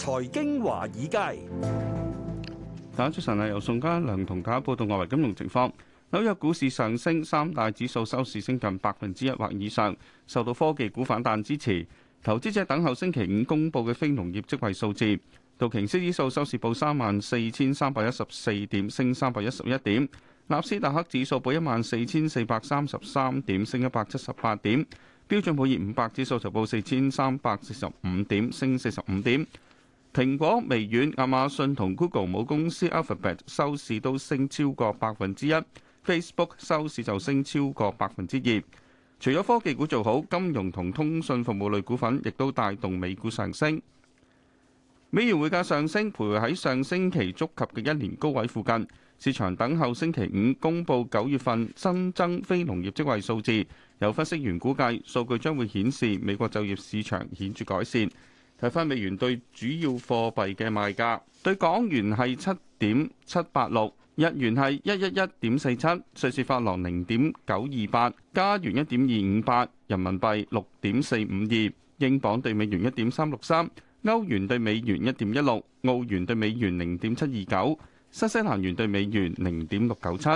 財經華爾街，大家早晨啊！由宋嘉良同大家報道外圍金融情況。紐約股市上升，三大指數收市升近百分之一或以上，受到科技股反彈支持。投資者等候星期五公佈嘅非農業職位數字。道瓊斯指數收市報三萬四千三百一十四點，升三百一十一點；納斯達克指數報一萬四千四百三十三點，升一百七十八點；標準普爾五百指數就報四千三百四十五點，升四十五點。蘋果、微軟、亞馬遜同 Google 母公司 Alphabet 收市都升超過百分之一，Facebook 收市就升超過百分之二。除咗科技股做好，金融同通訊服務類股份亦都帶動美股上升。美元匯價上升，徘徊喺上星期觸及嘅一年高位附近。市場等候星期五公佈九月份新增非農業職位數字，有分析員估計數據將會顯示美國就業市場顯著改善。睇返美元對主要貨幣嘅賣價，對港元係七點七八六，日元係一一一點四七，瑞士法郎零點九二八，加元一點二五八，人民幣六點四五二，英鎊對美元一點三六三，歐元對美元一點一六，澳元對美元零點七二九，新西蘭元對美元零點六九七。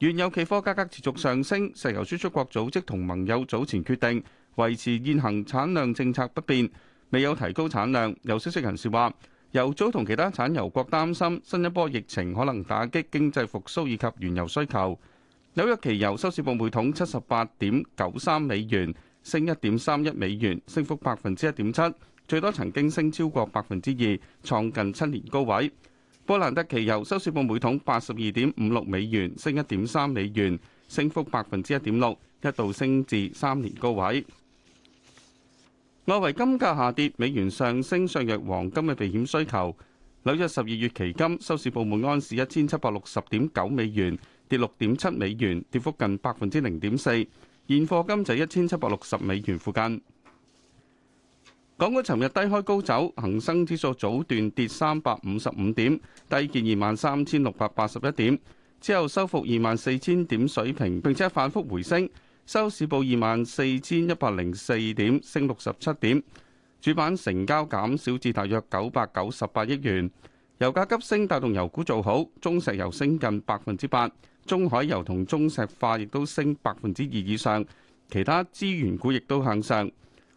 原油期貨價格持續上升，石油輸出國組織同盟友早前決定維持現行產量政策不變。未有提高產量，有消息人士話，油組同其他產油國擔心新一波疫情可能打擊經濟復甦以及原油需求。紐約期油收市報每桶七十八點九三美元，升一點三一美元，升幅百分之一點七，最多曾經升超過百分之二，創近七年高位。布蘭特期油收市報每桶八十二點五六美元，升一點三美元，升幅百分之一點六，一度升至三年高位。外圍金價下跌，美元上升削弱黃金嘅避險需求。紐約十二月期金收市報每安士一千七百六十點九美元，跌六點七美元，跌幅近百分之零點四。現貨金就一千七百六十美元附近。港股尋日低開高走，恒生指數早段跌三百五十五點，低見二萬三千六百八十一點，之後收復二萬四千點水平，並且反復回升。收市報二萬四千一百零四點，升六十七點。主板成交減少至大約九百九十八億元。油價急升，帶動油股做好。中石油升近百分之八，中海油同中石化亦都升百分之二以上。其他資源股亦都向上。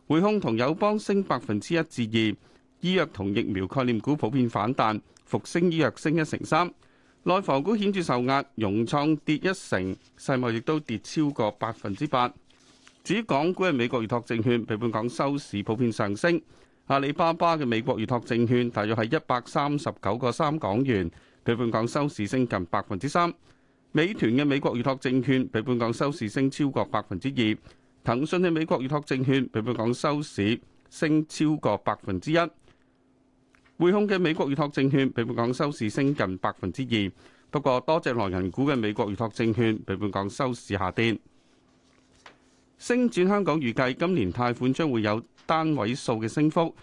匯控同友邦升百分之一至二。醫藥同疫苗概念股普遍反彈，復星醫藥升一成三。內房股顯著受壓，融創跌一成，世茂亦都跌超過百分之八。至於港股嘅美國預託證券，比本港收市普遍上升。阿里巴巴嘅美國預託證券大約係一百三十九個三港元，比本港收市升近百分之三。美團嘅美國預託證券比本港收市升超過百分之二。騰訊嘅美國預託證券比本港收市升超過百分之一。匯控嘅美國預託證券，比本港收市升近百分之二。不過多隻內人股嘅美國預託證券，比本港收市下跌。星展香港預計今年貸款將會有單位數嘅升幅，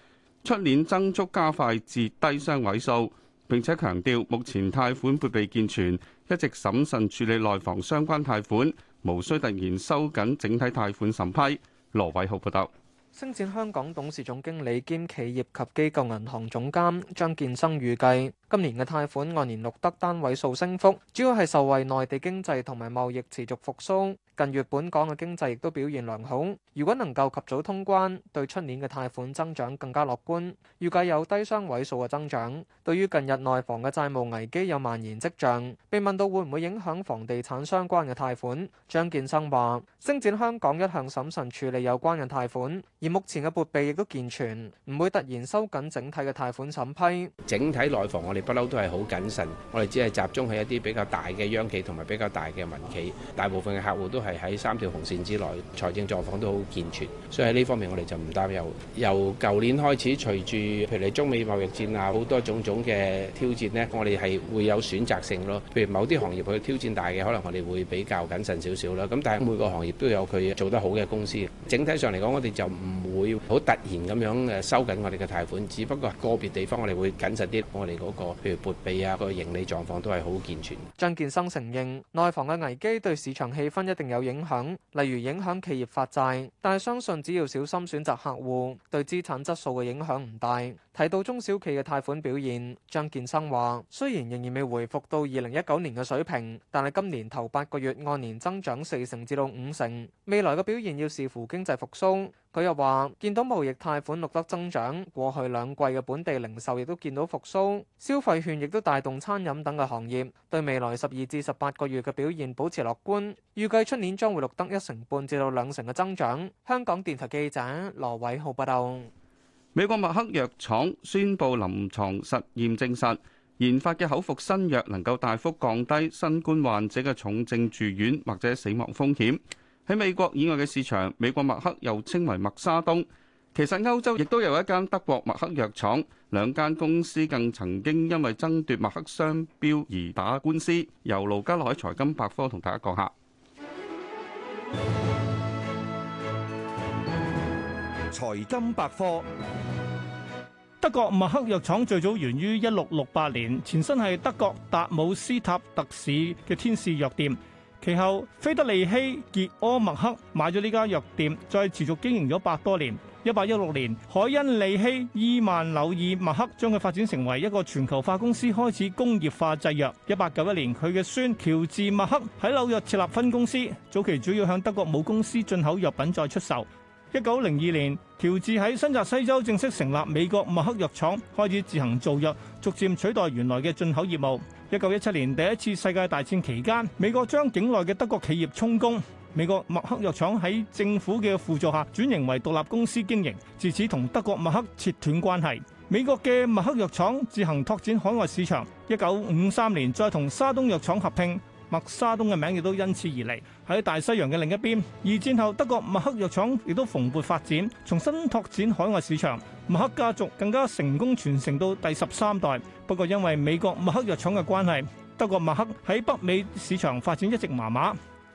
出年增速加快至低雙位數，並且強調目前貸款撥備健全，一直審慎處理內房相關貸款，無需突然收緊整體貸款審批。羅偉浩報道。星展香港董事總經理兼企業及機構銀行總監張建生預計，今年嘅貸款按年錄得單位數升幅，主要係受惠內地經濟同埋貿易持續復蘇。近月本港嘅經濟亦都表現良好，如果能夠及早通關，對出年嘅貸款增長更加樂觀，預計有低雙位數嘅增長。對於近日內房嘅債務危機有蔓延跡象，被問到會唔會影響房地產相關嘅貸款，張建生話：星展香港一向審慎處理有關嘅貸款。而目前嘅撥備亦都健全，唔會突然收緊整體嘅貸款審批。整體內房我哋不嬲都係好謹慎，我哋只係集中喺一啲比較大嘅央企同埋比較大嘅民企。大部分嘅客戶都係喺三條紅線之內，財政狀況都好健全，所以喺呢方面我哋就唔擔憂。由舊年開始隨，隨住譬如你中美貿易戰啊，好多種種嘅挑戰呢，我哋係會有選擇性咯。譬如某啲行業佢挑戰大嘅，可能我哋會比較謹慎少少啦。咁但係每個行業都有佢做得好嘅公司。整體上嚟講，我哋就唔會好突然咁樣誒收緊我哋嘅貸款，只不過個別地方我哋會謹慎啲。我哋嗰個譬如撥備啊，個盈利狀況都係好健全。張建生承認內房嘅危機對市場氣氛一定有影響，例如影響企業發債，但係相信只要小心選擇客戶，對資產質素嘅影響唔大。提到中小企嘅貸款表現，張建生話雖然仍然未回復到二零一九年嘅水平，但係今年頭八個月按年增長四成至到五成，未來嘅表現要視乎經濟復甦，佢又話見到貿易貸款錄得增長，過去兩季嘅本地零售亦都見到復甦，消費券亦都帶動餐飲等嘅行業，對未來十二至十八個月嘅表現保持樂觀，預計出年將會錄得一成半至到兩成嘅增長。香港電台記者羅偉浩報道，美國麥克藥廠宣布臨床實驗證實，研發嘅口服新藥能夠大幅降低新冠患者嘅重症住院或者死亡風險。喺美國以外嘅市場，美國默克又稱為默沙東。其實歐洲亦都有一間德國默克藥廠，兩間公司更曾經因為爭奪默克商標而打官司。由盧家喺財金百科同大家講下。財金百科，德國默克藥廠最早源於一六六八年，前身係德國達姆斯塔特市嘅天使藥店。其後，菲德利希傑柯默克買咗呢間藥店，再持續經營咗百多年。一八一六年，海恩利希伊曼紐爾默克將佢發展成為一個全球化公司，開始工業化製藥。一八九一年，佢嘅孫喬治默克喺紐約設立分公司，早期主要向德國母公司進口藥品再出售。一九零二年，喬治喺新澤西州正式成立美國默克藥廠，開始自行造藥，逐漸取代原來嘅進口業務。一九一七年，第一次世界大戰期間，美國將境內嘅德國企業充公。美國默克藥廠喺政府嘅輔助下轉型為獨立公司經營，自此同德國默克切斷關係。美國嘅默克藥廠自行拓展海外市場。一九五三年再同沙東藥廠合併。默沙東嘅名亦都因此而嚟。喺大西洋嘅另一邊，二戰後德國默克藥廠亦都蓬勃發展，重新拓展海外市場。默克家族更加成功傳承到第十三代，不過因為美國默克藥廠嘅關係，德國默克喺北美市場發展一直麻麻。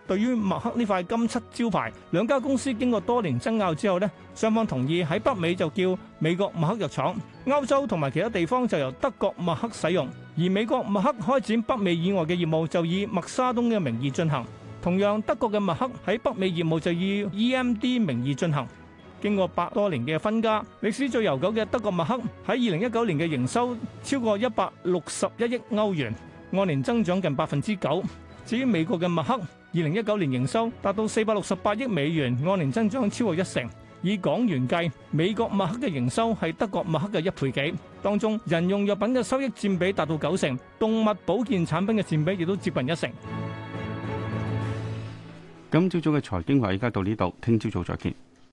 對於麥克呢塊金漆招牌，兩家公司經過多年爭拗之後咧，雙方同意喺北美就叫美國麥克藥廠，歐洲同埋其他地方就由德國麥克使用。而美國麥克開展北美以外嘅業務就以麥沙東嘅名義進行，同樣德國嘅麥克喺北美業務就以 EMD 名義進行。經過百多年嘅分家，歷史最悠久嘅德國麥克喺二零一九年嘅營收超過一百六十一億歐元，按年增長近百分之九。至於美國嘅默克，二零一九年營收達到四百六十八億美元，按年增長超過一成。以港元計，美國默克嘅營收係德國默克嘅一倍幾。當中，人用藥品嘅收益占比達到九成，動物保健產品嘅占比亦都接近一成。今朝早嘅財經話，而家到呢度，聽朝早再見。